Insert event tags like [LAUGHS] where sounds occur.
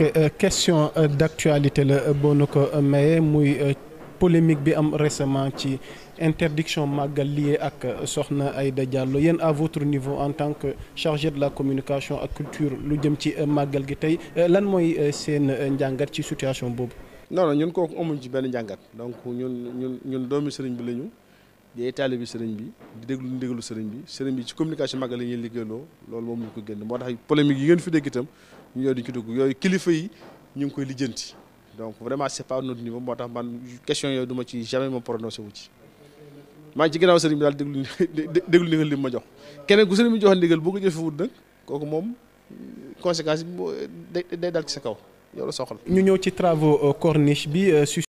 Euh, question euh, d'actualité la euh, boo nu ko maye muy polémique bi am récemment ci interdiction màggal liée ak soxna Aïda Diallo yéen à votre niveau en tant que chargé de la communication ak culture lu jëm ci màggal gi tey lan mooy seen njàngat ci situation boobu. non non ñun kooku amuñ ci benn njàngat donc ñun ñun ñun doomi sëriñ bi lañu di taalibe bi sëriñ bi di déglu ndigalu sëriñ bi sëriñ bi ci communication màggal la ñuy liggéeyandoo loolu moom ñu ko génn moo tax polémique fi dégg itam ñu yooyu duñ ci dugg yooyu kilifa yi ñu ngi koy lijjanti donc vraiment c'est pas notre niveau moo tax man question yooyu du ma ci jamais ma prononcé wu ci maa ci ginnaaw sëriñ bi daal déglu [LAUGHS] déglu ndigal li ma jox keneen ku sëriñ bi joxe ndigal boo ko jëfewut nag kooku moom conséquence bi day dal ci sa kaw yow la soxal ñu ñëw ci travaux euh, corniche bi euh,